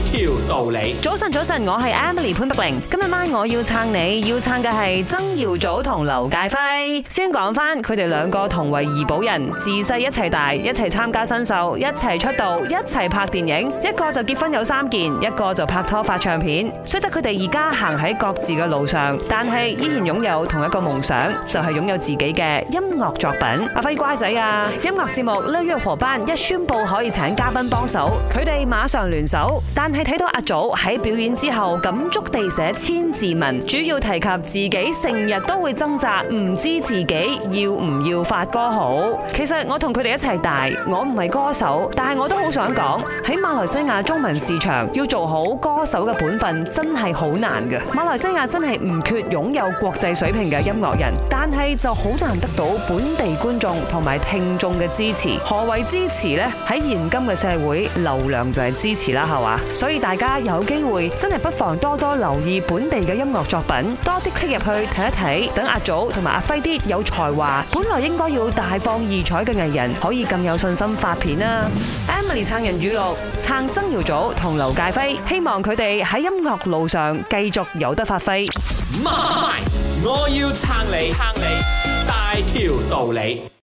條道理。早晨，早晨，我係 Emily 潘德榮。今日晚我要撐你，要撐嘅係曾耀祖同劉介輝。先講翻，佢哋兩個同為兒保人，自細一齊大，一齊參加新秀，一齊出道，一齊拍電影。一個就結婚有三件，一個就拍拖發唱片。雖則佢哋而家行喺各自嘅路上，但係依然擁有同一個夢想，就係擁有自己嘅音樂作品。阿輝乖仔啊！音樂節目《呢約河班》一宣布可以請嘉賓幫手，佢哋馬上聯手。但係睇到阿祖喺表演之後，感觸地寫千字文，主要提及自己成日都會掙扎，唔知自己要唔要發歌好。其實我同佢哋一齊大，我唔係歌手，但係我都好想講喺馬來西亞中文市場要做好歌手嘅本分真係好難嘅。馬來西亞真係唔缺擁有國際水平嘅音樂人，但係就好難得到本地觀眾同埋聽眾嘅支持。何謂支持呢？喺現今嘅社會，流量就係支持啦，係嘛？所以大家有機會真係不妨多多留意本地嘅音樂作品多看看，多啲 click 入去睇一睇。等阿祖同埋阿輝啲有才華，本來應該要大放異彩嘅藝人，可以咁有信心發片啊。Emily 撐人語錄撐曾耀祖同劉介輝，希望佢哋喺音樂路上繼續有得發揮。媽咪，我要撐你撐你，大條道理。